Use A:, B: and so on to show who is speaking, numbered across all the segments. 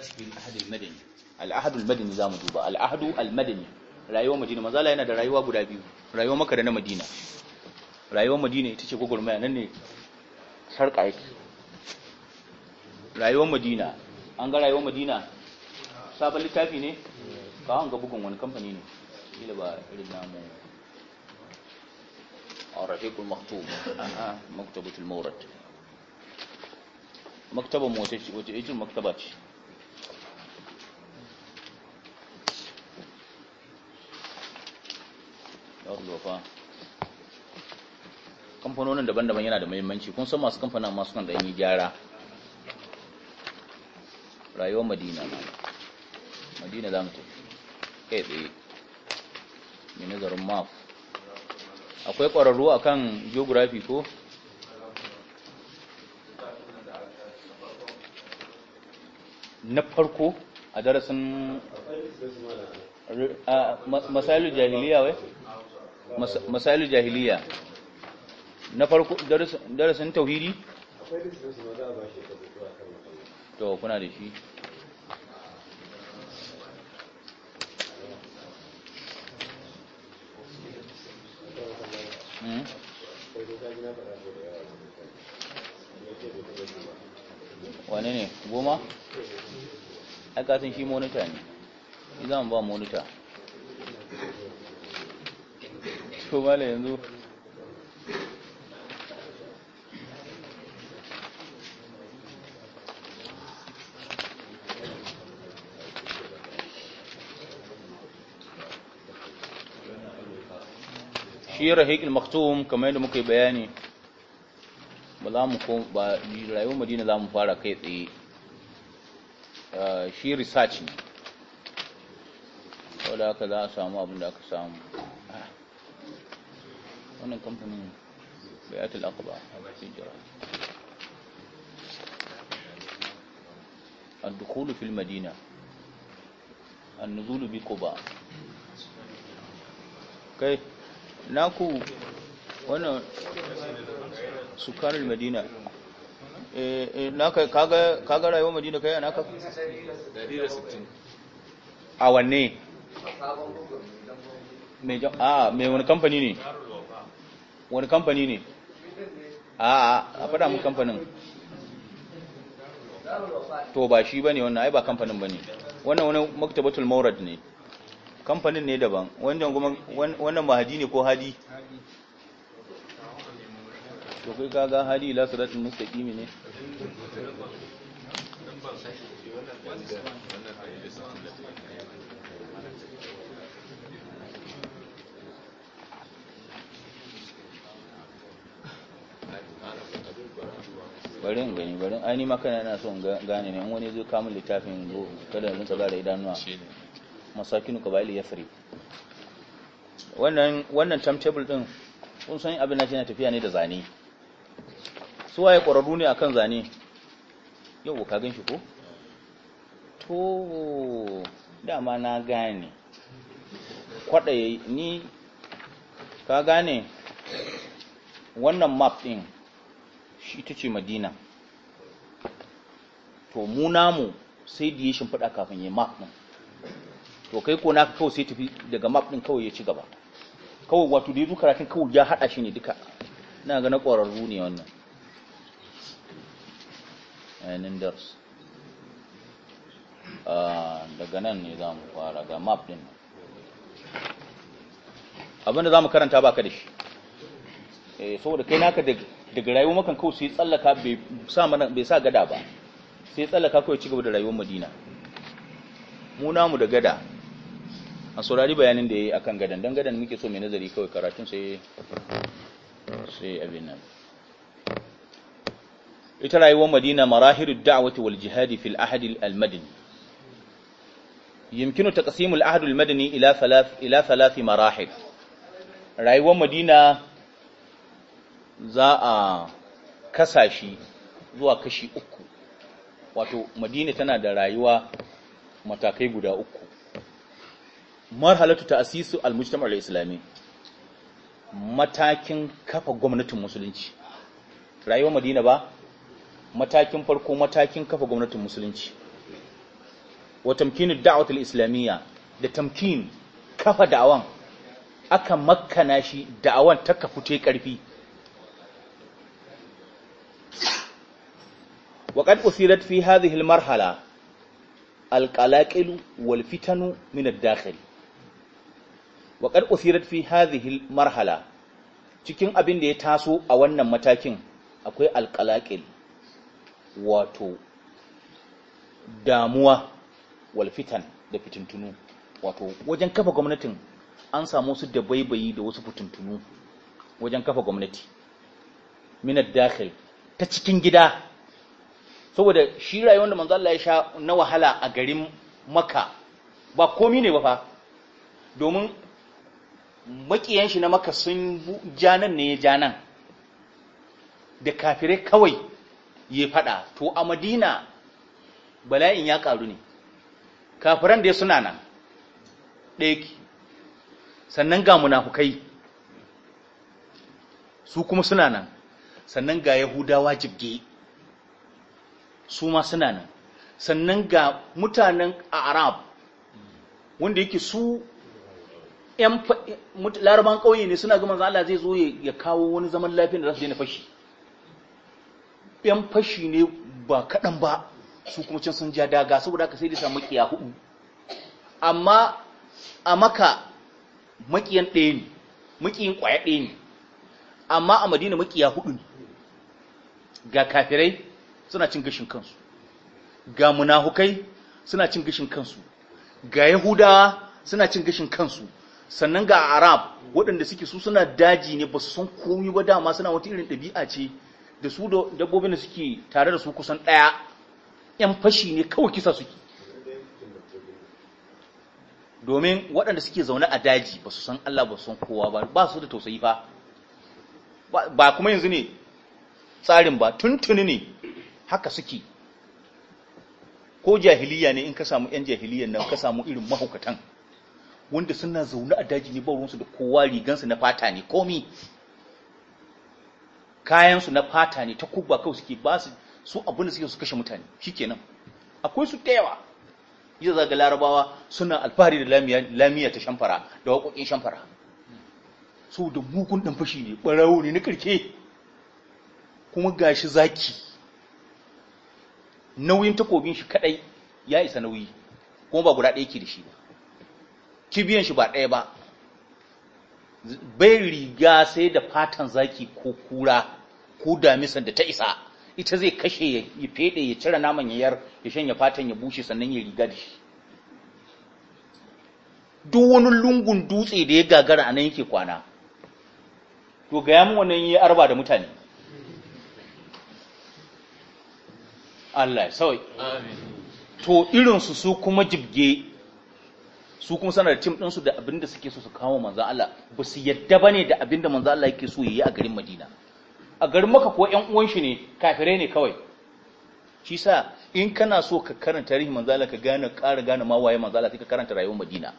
A: cikin ahadul madani al-ahadul madani zamu duba al-ahadu al-madani rayuwar madina la yana da rayuwa guda biyu rayuwar maka da na madina rayuwar madina ita ce gwagwarmaya nan ne sarka yake rayuwar madina an ga rayuwar madina sabon littafi ne kawon ga bugun wani kamfani ne ila ba irin namu a rafiqul maktub aha maktabatul mawrad maktaba mu wace wace maktaba ce kamfanonin daban-daban yana da muhimmanci kun san masu kamfanin masu kan ɗanyi gyara rayuwar madina madina za mu tafi kai tsaye mai nazarin maf akwai ƙwararru a kan geography ko na farko a darasin masailu jahiliya wai masailul jahiliya na farko darasin tauhidi to kuna da shi hmm? wane ne goma? aikatan shi monita ne, idan ba monita. to yanzu shi rahiq al-maktum kamar yadda muka yi bayani ba za mu ba rayuwar madina za mu fara kai tsaye ah, shi research ne wadda aka za a samu abin da aka samu wannan kamfanin bayatul a eh, eh, naka kaga kaga rayuwar Madina kai 160 a wanne mai a mai wani kamfani ne wani kamfani ne a a faɗa mun kamfanin to ba shi bane wannan ai ba kamfanin bane wannan wani maktabatul maurad ne kamfanin ne daban wannan kuma wannan mahadi ne ko hadi to kai kaga hadi la suratul mustaqim ne wannan bari in gani bari ai ni maka yana son gane ne in wani zai kamun littafin go kada mun tsara da idanuwa masakinu kabail yasrib wannan wannan timetable din kun san abin da yana tafiya ne da zane su waye ƙwararru ne akan zane yau ka gan shi ko to dama na gane kwaɗaye ni ka gane wannan map ɗin shi ita ce madina to mu namu sai da ya shimfiɗa kafin ya map ɗin to kai ko naka kawai sai tafi daga map ɗin kawai ya ci gaba kawai wato da ya zuka karatun kawai ya haɗa shi ne duka ina ga na ƙwararru ne wannan ainihin dars ah, daga nan ne za mu fara ga map ɗin abinda za mu karanta ba ka da shi Eh, saboda kai naka daga rayuwar makan kawai sai tsallaka bai sa gada ba sai tsallaka kawai ci gaba da rayuwar madina mu da gada a saurari bayanin da ya yi a kan gadan don gadan muke so mai nazari kawai karatun sai sai abin nan ita rayuwar madina marahiru da'awati wal jihadi fil ahadi al madini yumkinu taqsimul ahad madani ila thalath ila thalath marahil rayuwar madina za a kasashi zuwa kashi uku wato madina tana da rayuwa matakai guda uku marhalatu ta'sisu al-mujtama' al-islami matakin kafa gwamnatin musulunci rayuwar madina ba matakin farko matakin kafa gwamnatin musulunci wa tamkinu da'wati al-islamiyya da tamkin kafa da'awan aka makkana shi da'awan ta kafu te karfi وقد أثيرت في هذه المرحلة القلاقل والفتن من الداخل وقد أثيرت في هذه المرحلة cikin abin da ya taso a wannan matakin akwai alƙalaƙil wato damuwa walfitan da fitintunu wato wajen kafa gwamnatin an samu su da baibayi da wasu fitintunu wajen kafa gwamnati minar dakhil ta cikin gida saboda shi rayu wanda manzo Allah ya sha na wahala a garin Makka ba komi ne ba fa domin makiyan shi na Makka sun janan ne ya janan da kafirai kawai ya fada to a Madina bala'in ya karu ne kafiran da suna nan daiki sannan ga munafukai su kuma suna nan sannan ga Yahudawa jibge su ma suna nan sannan ga mutanen a arab wanda yake su laraban ƙauye ne suna gama Allah zai zo ya kawo wani zaman lafiya da za su daina fashi yan fashi ne ba kaɗan ba su kuma can sun ja daga saboda ka sai da samu makiya hudu amma a maka makiyan ɗaya ne makiyan ƙwaya ɗaya ne amma a madina makiya hudu ne ga kafirai suna cin gashin kansu ga munahukai suna cin gashin kansu ga yahudawa suna cin gashin kansu sannan ga arab waɗanda suke su suna daji ne ba su san komi ba dama suna wata irin ɗabi'a ce da su dabbobin da suke tare da su kusan ɗaya ‘yan fashi ne kawai kisa suke domin waɗanda suke zaune a daji ba su san Allah ba su san kowa ba ba su da tausayi fa ba kuma yanzu ne tsarin ba tuntuni ne haka suke ko jahiliya ne in ka samu yan jahiliyan nan ka samu irin mahaukatan wanda suna zaune a daji ne ba ruwansu da kowa rigansu na fata ne komi kayansu na fata ne ta kubba kawai suke ba su abunda suke su kashe mutane shi nan akwai su tayawa yadda zaga larabawa suna alfahari da lamiya ta shamfara da waƙoƙin shamfara so da mugun ɗan fashi ne ɓarawo ne na ƙarke kuma gashi zaki nauyin takobin shi kadai ya isa nauyi ko ba guda ɗaya ke da shi ba kibiyan shi ba ɗaya ba bai riga sai da fatan zaki ko kura ko damisan da ta isa ita zai kashe ya fede ya cire naman ya yar, ya shanya fatan ya bushe sannan ya riga da shi duk wani lungun dutse da ya gagara a nan yake kwana to ga yamin wannan yi arba da mutane Allah ya sawai to irinsu su kuma jibge su kuma sanar da tim ɗinsu da abin da suke so su kawo manzan Allah ba su yadda ba ne da abin da manzan Allah yake so ya yi a garin Madina a garin maka ko ‘yan uwan shi ne kafirai ne kawai shi sa in kana so ka karanta tarihi manzan Allah ka gane ƙara gane ma waye manzan Allah sai ka karanta rayuwar Madina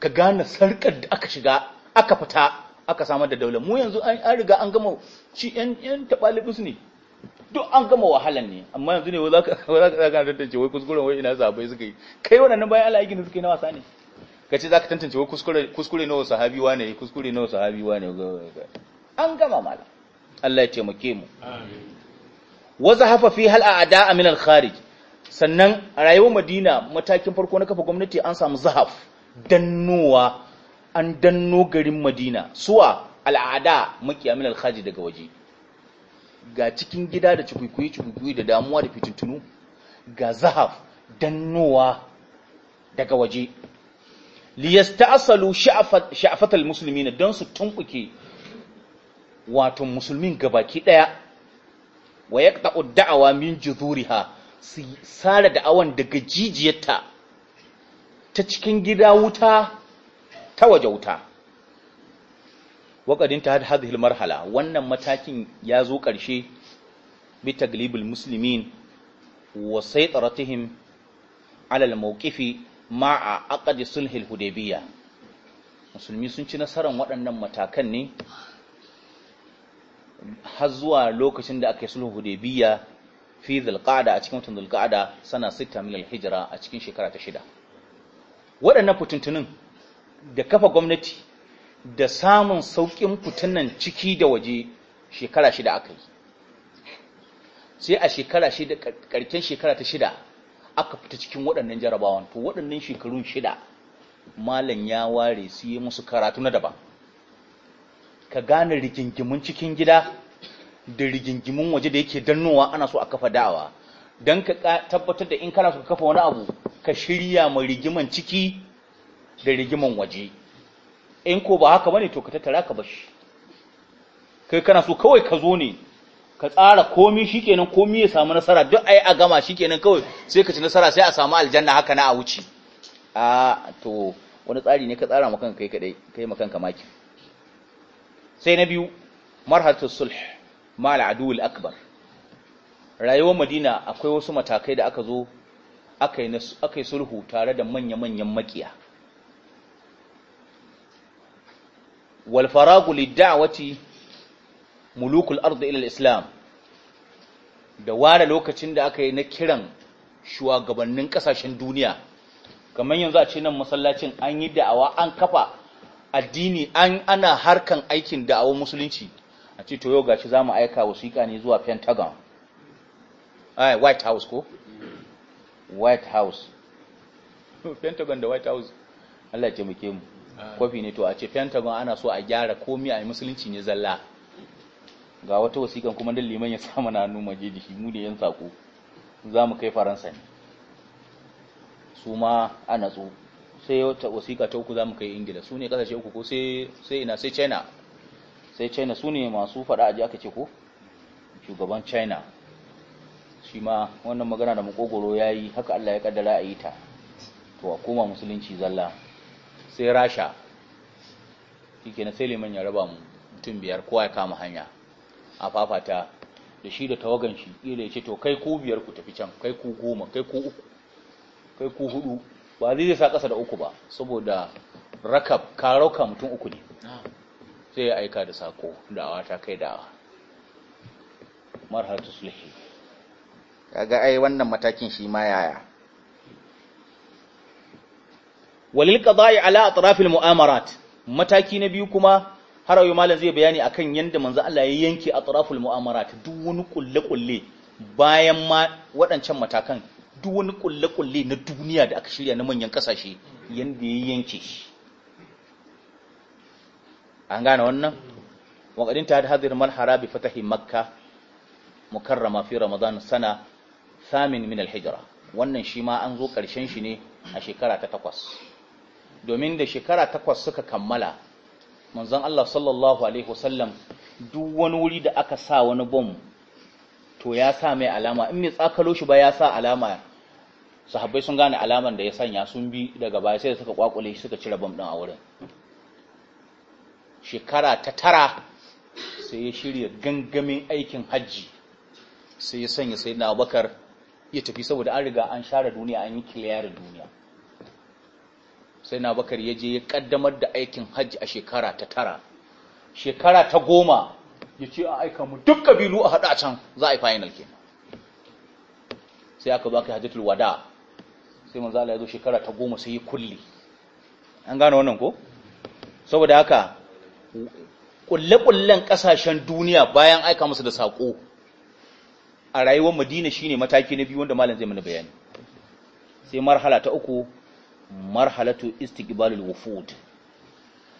A: ka gane sarƙar da aka shiga aka fita aka samar da daular mu yanzu an riga an gama ci ‘yan taɓalibus ne duk an gama wahalan ne amma yanzu ne za ka za ka tantance wai kuskuren wai ina sahabbai suka yi kai waɗannan bayan Allah aikin da suka yi na wasa ne ce za ka tantance wai kuskure kuskure nawa sahabi wane kuskure nawa sahabi wane an gama mala Allah ya taimake mu wa zahafa fi hal a'da min al-kharij sannan a rayuwar Madina matakin farko na kafa gwamnati an samu zahaf dannowa an danno garin Madina suwa al'ada makiya al-kharij daga waje ga cikin gida da cikuikuyi cikuikuyi da damuwa da fitintunu ga zahaf dannowa daga waje asalu sha'afatar musulmi na don su tumbuke wato musulmin gabaki daya wa yaqta'u da'awa min juzuriha su sare da'awan daga jijiyarta ta cikin gida wuta ta waje wuta waƙadin ta hadhihi marhala wannan matakin ya zo ƙarshe bi taglibul muslimin wa saytaratihim ala al-mawqifi ma'a aqdi sulhil hudaybiyya musulmi sun ci nasarar waɗannan matakan ne har zuwa lokacin da aka yi sulhu hudaybiyya fi zulqa'da a cikin watan zulqa'da sana 6 min al-hijra a cikin shekara ta shida waɗannan fitintunin da kafa gwamnati da samun sauƙin fitinan ciki da waje shekara shida aka yi sai a shekara shida ƙarshen shekara ta shida aka fita cikin waɗannan jarabawan to waɗannan shekarun shida malam ya ware su yi musu karatu na daban ka gane rigingimin cikin gida da rigingimin waje da yake dannowa ana so a kafa da'awa don ka tabbatar da in kana so kafa wani abu ka shirya ma rigiman ciki da rigiman waje in ko ba haka bane to ka tattara ka shi. kai kana so kawai ka zo ne ka tsara komi shikenan komi ya samu nasara duk ai a gama shikenan kawai sai ka ci nasara sai a samu aljanna haka na a wuce a to wani tsari ne ka tsara ma kanka kai kadai kai ma kanka maki sai na biyu marhatu sulh mal akbar rayuwar madina akwai wasu matakai da aka zo aka yi sulhu tare da manya-manyan makiya wal faragu lid-da'wati mulukul ardi islam da ware lokacin da aka yi na kiran shugabannin kasashen duniya kamar yanzu a ce nan masallacin an yi da'awa an kafa addini an ana harkan aikin da'awar musulunci a ce to yau gashi zamu aika wasiƙa ne zuwa Pentagon ai White House ko White House Pentagon da White House Allah ya taimake mu kofi ne to a ce pentagon ana so a gyara komi a musulunci ne zalla ga wata wasiƙan kuma don liman ya samu na hannu maje da shi mu da yan sako za mu kai faransa ne su ma a so sai wata wasiƙa ta uku za mu kai ingila su ne kasashe uku ko sai ina sai china sai china su ne masu faɗa ji aka ce ko shugaban china shi ma wannan magana da makogoro ya yi haka allah ya kaddara a yi ta to a koma musulunci zalla sai rasha ke na sai liman ya raba mu mutum biyar kowa ya kama hanya a fafata da shi da tawagan shi ila ya ce to kai ku biyar ku tafi can kai ku goma kai ku uku kai ku hudu ba zai zai sa ƙasa da uku ba saboda rakab ka rauka mutum uku ne sai ya aika da sako da'awa ta kai da'awa marhatu sulhi kaga ai wannan matakin shi ma yaya walil qada'i ala atrafil mu'amarat mataki na biyu kuma har ayu malam zai bayani akan yanda manzo Allah ya yanke atraful mu'amarat duk wani kulle kulle bayan ma waɗancan matakan duk wani kulle kulle na duniya da aka shirya na manyan kasashe yanda ya yanke shi an gane wannan waƙadin ta hadir malhara bi fatahi makka mukarrama fi ramadan sana thamin min al-hijra wannan shi ma an zo ƙarshen shi ne a shekara ta takwas domin da shekara takwas suka kammala manzon Allah sallallahu alaihi wasallam duk wani wuri da aka sa wani bom to ya sa mai alama in mai tsakalo shi ba ya sa alama sahabbai sun gane alaman da ya sanya sun bi daga baya sai suka kwakule shi suka cire bom din a wurin shekara ta tara sai ya shirya gangamin aikin hajji sai ya sanya sayyidina Abubakar ya tafi saboda an riga an share duniya an yi clearing duniya sai na bakar ya je ya kaddamar da aikin hajji a shekara ta tara shekara ta goma ya ce a aika mu duk kabilu a haɗa can za a yi final kenan sai aka ba ka hajjatul wada sai manzo Allah ya zo shekara ta goma sai ya kulle an gane wannan ko saboda haka kulle-kullen ƙasashen duniya bayan aika musu da saƙo, a rayuwar Madina shine mataki na biyu wanda malam zai mana bayani sai marhala ta uku marhalatu istiqbalul wufud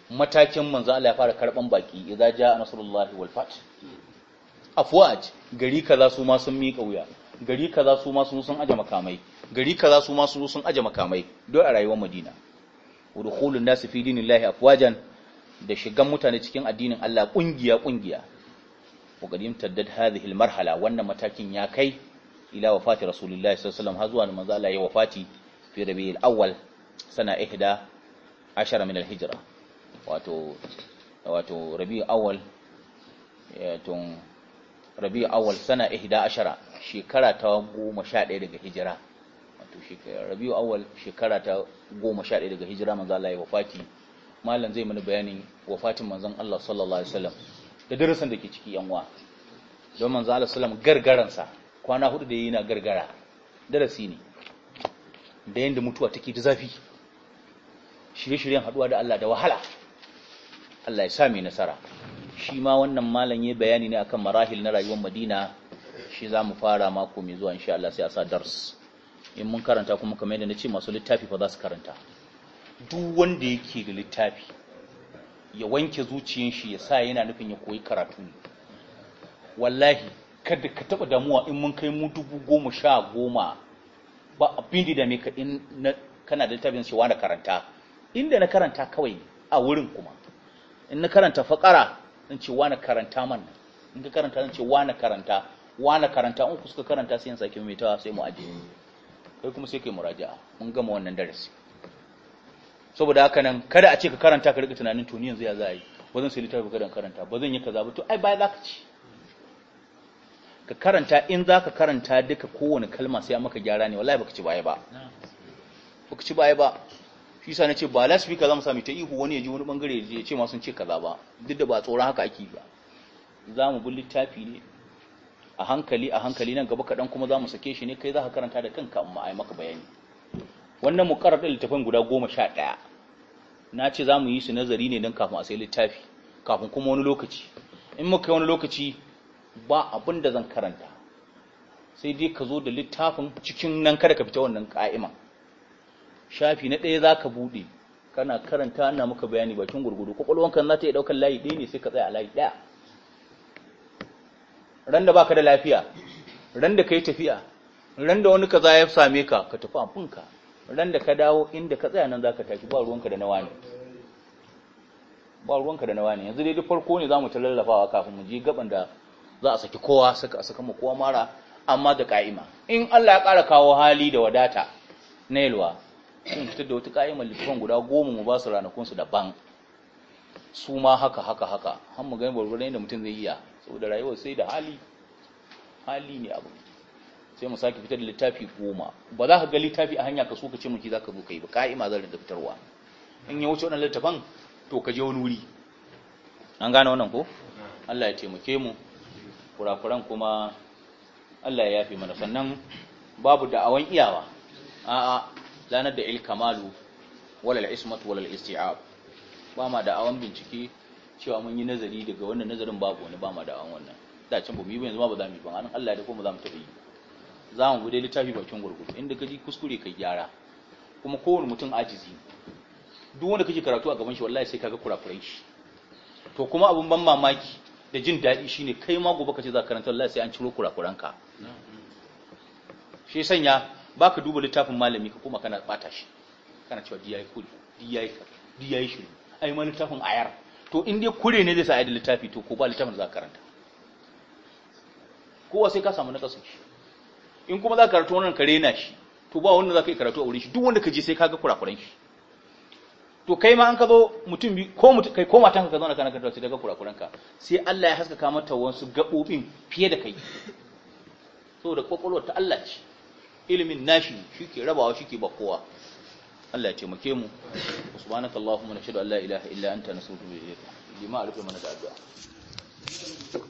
A: matakin manzo Allah ya fara karban baki idza jaa nasrullahi wal fath afwaj gari kaza su ma sun mika wuya gari kaza su ma sun sun aje makamai gari kaza su ma sun sun aje makamai don a rayuwar Madina udkhulun nas fi dinillahi afwajan da shigan mutane cikin addinin Allah kungiya kungiya wa qadim taddad hadhihi al marhala wannan matakin ya kai ila wafati rasulullahi sallallahu alaihi wasallam har zuwa manzo Allah ya wafati fi rabi'il awwal sana ihda ashara min alhijra wato wato rabi'u awwal tun rabi'u awwal sana ihda ashara shekara ta 11 daga hijira wato shekara rabi'u awwal shekara ta 11 daga hijira manzo Allah ya wafati malam zai mana bayanin wafatin manzon Allah sallallahu alaihi wasallam da darasin da ke ciki yanwa don manzo Allah sallam gargaransa kwana hudu da na gargara darasi ne da yanda mutuwa take ta zafi shirye-shiryen haduwa da Allah da wahala Allah ya sa mai nasara shi ma wannan malam ya bayani ne akan marahil na rayuwar Madina shi za mu fara mako mai zuwa insha Allah sai a sa dars in mun karanta kuma kamar yadda nace masu littafi fa za su karanta duk wanda yake da littafi ya wanke zuciyar shi ya sa yana nufin ya koyi karatu ne wallahi kada ka taba damuwa in mun kai mu dubu goma sha goma ba abin da me ka in kana da littafin shi wani karanta inda na karanta kawai ne a wurin kuma in na karanta faƙara in ce wa na karanta man in ka karanta zan ce wa na karanta wa na karanta in ku suka karanta sai in sake mai tawa sai mu aje kai kuma sai kai muraja'a mun gama wannan darasi saboda haka nan kada a ce ka karanta ka rika tunanin to ni yanzu ya za yi ba zan sai littafi kada karanta ba zan yi kaza ba to ai baya za ka ci ka karanta in za ka karanta duka kowane kalma sai maka gyara ne wallahi baka ci baya ba baka ci baya ba shi sa na ce ba last week za mu sami ta ihu wani ya ji wani bangare ya ce ma sun ce kaza ba duk da ba tsoron haka ake ba za mu bin littafi ne a hankali a hankali nan gaba kaɗan kuma za mu sake shi ne kai za ka karanta da kanka amma a yi maka bayani wannan mu karanta littafin guda goma sha ɗaya na ce za mu yi su nazari ne don kafin a sai littafi kafin kuma wani lokaci in muka yi wani lokaci ba abin da zan karanta sai dai ka zo da littafin cikin nan kada ka fita wannan kaima shafi na ɗaya za ka buɗe kana karanta ana muka bayani bakin gurgudu kwakwalwanka za ta iya ɗaukar layi ɗaya ne sai ka tsaya a layi ɗaya ran da baka da lafiya ran da ka yi tafiya ran da wani kaza ya same ka ka tafi amfinka ran da ka dawo inda ka tsaya nan za ka tashi ba ruwanka da nawa ne ba ruwanka da nawa ne yanzu dai duk farko ne za mu ta lallafawa kafin mu je gaban da za a saki kowa saka saka mu kowa mara amma da ka'ima in Allah ya ƙara kawo hali da wadata na yalwa sun fitar da wata ƙa'imar littafan guda goma mu ba su ranakunsu daban su ma haka haka haka har mu gani barbarai da mutum zai iya saboda rayuwar sai da hali hali ne abu sai mu sake fitar da littafi goma ba za ka ga littafi a hanya ka so ka ce miki za ka zo ka yi ba ka'ima zan rinka fitarwa in ya wuce wannan littafan to ka je wani wuri an gane wannan ko Allah ya taimake mu kurakuran kuma Allah ya yafe mana sannan babu da'awan iyawa a'a lanar da ilkamalu walal ismat walal isti'ab ba ma da awan bincike cewa mun yi nazari daga wannan nazarin babu wani ba ma da awan wannan da can ba mu yi ba yanzu ma ba za mu yi ba an Allah da kuma za mu taɓa yi za mu gude littafi bakin gurgu. inda ka ji kuskure ka gyara kuma kowane mutum ajizi duk wanda kake karatu a gaban shi wallahi sai kaga kurakuran shi to kuma abun ban mamaki da jin daɗi shine kai ma gobe kace za ka karanta wallahi sai an ciro kurakuranka shi sanya baka duba littafin malami ka koma kana bata shi kana cewa di yayi kuri di yayi ka di yayi shiru ai ma littafin ayar to in dai kure ne zai sa ai da littafi to ko ba littafin za ka karanta kowa sai ka samu na shi in kuma za ka karanta wannan ka rena shi to ba wanda za ka yi karatu a wurin shi duk wanda ka je sai ka ga kurakuran shi to kai ma an ka zo mutum bi ko mutum kai ko matanka ka zauna kana karanta sai daga kurakuran ka sai Allah ya haskaka mata wasu gabobin fiye da kai saboda kwakwalwar ta Allah ce ilimin nashi shi ke rabawa shi ke bakowa Allah ya taimake mu subhanakallahumma nashhadu an la ilaha illa anta nastaghfiruka wa natubu lima arfa mana da addu'a